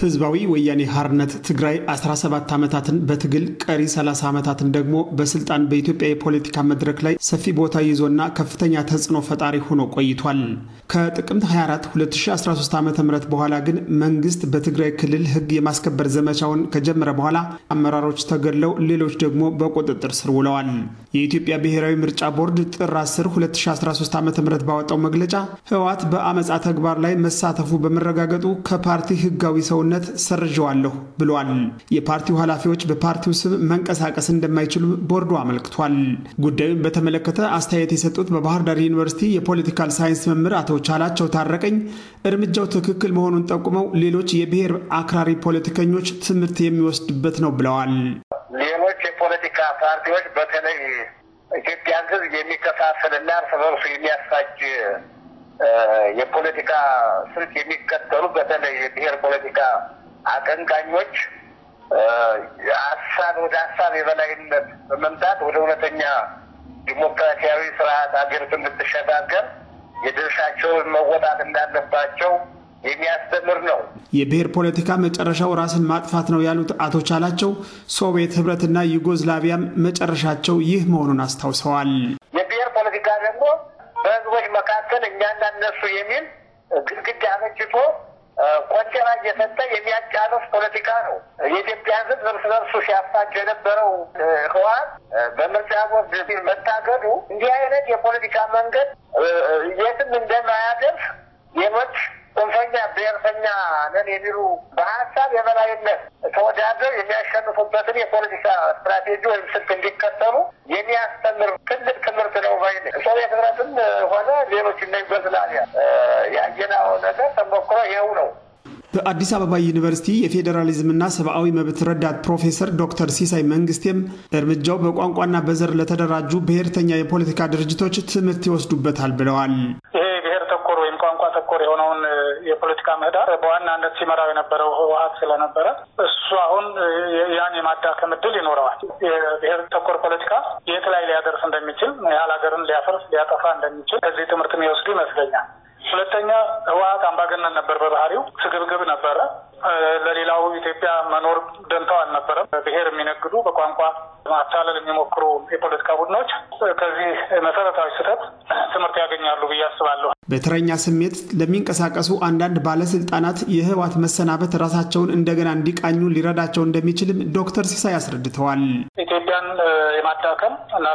ህዝባዊ ወያኔ ሀርነት ትግራይ 17 ዓመታትን በትግል ቀሪ 30 ዓመታትን ደግሞ በስልጣን በኢትዮጵያ የፖለቲካ መድረክ ላይ ሰፊ ቦታ ይዞና ከፍተኛ ተጽዕኖ ፈጣሪ ሆኖ ቆይቷል። ከጥቅምት 24 2013 ዓ ም በኋላ ግን መንግስት በትግራይ ክልል ህግ የማስከበር ዘመቻውን ከጀመረ በኋላ አመራሮች ተገድለው፣ ሌሎች ደግሞ በቁጥጥር ስር ውለዋል። የኢትዮጵያ ብሔራዊ ምርጫ ቦርድ ጥር 10 2013 ዓ ም ባወጣው መግለጫ ህወሓት በአመፃ ተግባር ላይ መሳተፉ በመረጋገጡ ከፓርቲ ህጋዊ ሰው ሰውነት ሰርዣዋለሁ ብሏል። የፓርቲው ኃላፊዎች በፓርቲው ስም መንቀሳቀስ እንደማይችሉ ቦርዱ አመልክቷል። ጉዳዩን በተመለከተ አስተያየት የሰጡት በባህር ዳር ዩኒቨርሲቲ የፖለቲካል ሳይንስ መምህር አቶ ቻላቸው ታረቀኝ እርምጃው ትክክል መሆኑን ጠቁመው ሌሎች የብሔር አክራሪ ፖለቲከኞች ትምህርት የሚወስድበት ነው ብለዋል። ሌሎች የፖለቲካ ፓርቲዎች በተለይ ኢትዮጵያን ሕዝብ የሚከፋፍልና እርስ በርሱ የሚያሳጅ የፖለቲካ ስልት የሚከተሉ በተለይ የብሔር ፖለቲካ አቀንቃኞች ሀሳብ ወደ ሀሳብ የበላይነት በመምጣት ወደ እውነተኛ ዲሞክራሲያዊ ስርዓት ሀገሪቱ እንድትሸጋገር የድርሻቸውን መወጣት እንዳለባቸው የሚያስተምር ነው። የብሔር ፖለቲካ መጨረሻው ራስን ማጥፋት ነው ያሉት አቶ ቻላቸው ሶቪየት ህብረትና ዩጎዝላቪያም መጨረሻቸው ይህ መሆኑን አስታውሰዋል። የብሔር ፖለቲካ ደግሞ በህዝቦች መካከል እኛና እነሱ የሚል ግድግዳ አበጅቶ ቆንጨራ እየሰጠ የሚያጫርስ ፖለቲካ ነው። የኢትዮጵያ ህዝብ እርስ በርሱ ሲያፋቸው የነበረው ህወሓት በምርጫ ቦርድ መታገዱ እንዲህ አይነት የፖለቲካ መንገድ የትም እንደማያደርስ ሌሎች ጽንፈኛ ብሔርተኛ ነን የሚሉ በሀሳብ የበላይነት ተወዳደር የሚያሸንፉበትን የፖለቲካ ስትራቴጂ ወይም ስልክ እንዲከተሉ የሚያስተምር ትልቅ ትምህርት ነው። ባይ ሶቪየት ህብረትም ሆነ ሌሎች እነ ዩጎዝላቪያ ያየናው ነገር ተሞክሮ ይኸው ነው። በአዲስ አበባ ዩኒቨርሲቲ የፌዴራሊዝምና ሰብአዊ መብት ረዳት ፕሮፌሰር ዶክተር ሲሳይ መንግስቴም እርምጃው በቋንቋና በዘር ለተደራጁ ብሔርተኛ የፖለቲካ ድርጅቶች ትምህርት ይወስዱበታል ብለዋል። የሆነውን የፖለቲካ ምህዳር በዋናነት ሲመራው የነበረው ህወሀት ስለነበረ እሱ አሁን ያን የማዳከም እድል ይኖረዋል። የብሔር ተኮር ፖለቲካ የት ላይ ሊያደርስ እንደሚችል ያህል ሀገርን ሊያፈርስ ሊያጠፋ እንደሚችል ከዚህ ትምህርት የሚወስዱ ይመስለኛል። ሁለተኛ ህወሀት አምባገነን ነበር። በባህሪው ስግብግብ ነበረ። ለሌላው ኢትዮጵያ መኖር ደንተው አልነበረም። ብሄር የሚነግዱ በቋንቋ ማታለል የሚሞክሩ የፖለቲካ ቡድኖች ከዚህ መሰረታዊ ስህተት ትምህርት ያገኛሉ ብዬ አስባለሁ። በተረኛ ስሜት ለሚንቀሳቀሱ አንዳንድ ባለስልጣናት የህወሀት መሰናበት ራሳቸውን እንደገና እንዲቃኙ ሊረዳቸው እንደሚችልም ዶክተር ሲሳይ አስረድተዋል። ኢትዮጵያን የማዳከም እና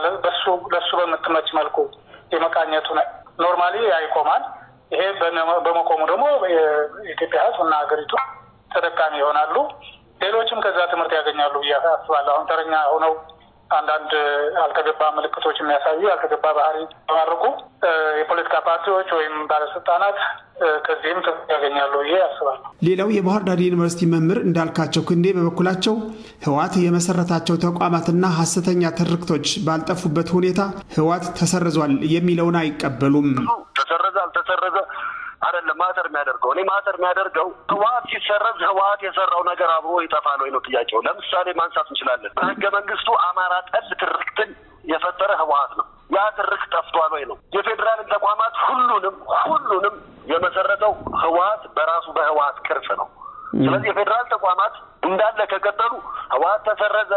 ለሱ በምትመች መልኩ የመቃኘቱ ኖርማሊ ያይቆማል ይሄ በመቆሙ ደግሞ የኢትዮጵያ ህዝብ እና ሀገሪቱ ተጠቃሚ ይሆናሉ። ሌሎችም ከዛ ትምህርት ያገኛሉ ብዬ አስባለሁ። አሁን ተረኛ ሆነው አንዳንድ አልተገባ ምልክቶች የሚያሳዩ ያልተገባ ባህሪ ተማርቁ የፖለቲካ ፓርቲዎች ወይም ባለስልጣናት ከዚህም ያገኛሉ ብዬ አስባለሁ። ሌላው የባህር ዳር ዩኒቨርሲቲ መምህር እንዳልካቸው ክንዴ በበኩላቸው ህወሓት የመሰረታቸው ተቋማትና ሀሰተኛ ትርክቶች ባልጠፉበት ሁኔታ ህወሓት ተሰርዟል የሚለውን አይቀበሉም። ተሰረዘ አልተሰረዘ አይደለም ማተር የሚያደርገው እኔ ማተር የሚያደርገው ህወሓት ሲሰረዝ ህወሓት የሰራው ነገር አብሮ ይጠፋል ወይ ነው ጥያቄው። ለምሳሌ ማንሳት እንችላለን። በህገ መንግስቱ አማራ ጠል ትርክትን የፈጠረ ህወሓት ነው። ያ ትርክ ጠፍቷል ወይ ነው ሁሉንም ሁሉንም የመሰረተው ህወሀት በራሱ በህወሀት ቅርጽ ነው። ስለዚህ የፌዴራል ተቋማት እንዳለ ከቀጠሉ ህወሀት ተሰረዘ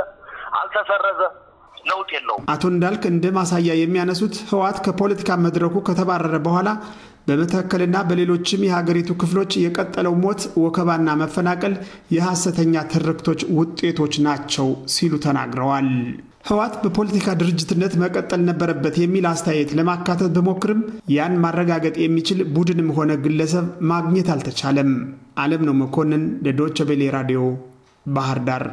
አልተሰረዘ ለውጥ የለውም። አቶ እንዳልክ እንደ ማሳያ የሚያነሱት ህወሀት ከፖለቲካ መድረኩ ከተባረረ በኋላ በመተከልና በሌሎችም የሀገሪቱ ክፍሎች የቀጠለው ሞት፣ ወከባና መፈናቀል የሐሰተኛ ትርክቶች ውጤቶች ናቸው ሲሉ ተናግረዋል። ህወሓት በፖለቲካ ድርጅትነት መቀጠል ነበረበት የሚል አስተያየት ለማካተት ብሞክርም ያን ማረጋገጥ የሚችል ቡድንም ሆነ ግለሰብ ማግኘት አልተቻለም። አለም ነው መኮንን ለዶቸ ቬሌ ራዲዮ ባህር ዳር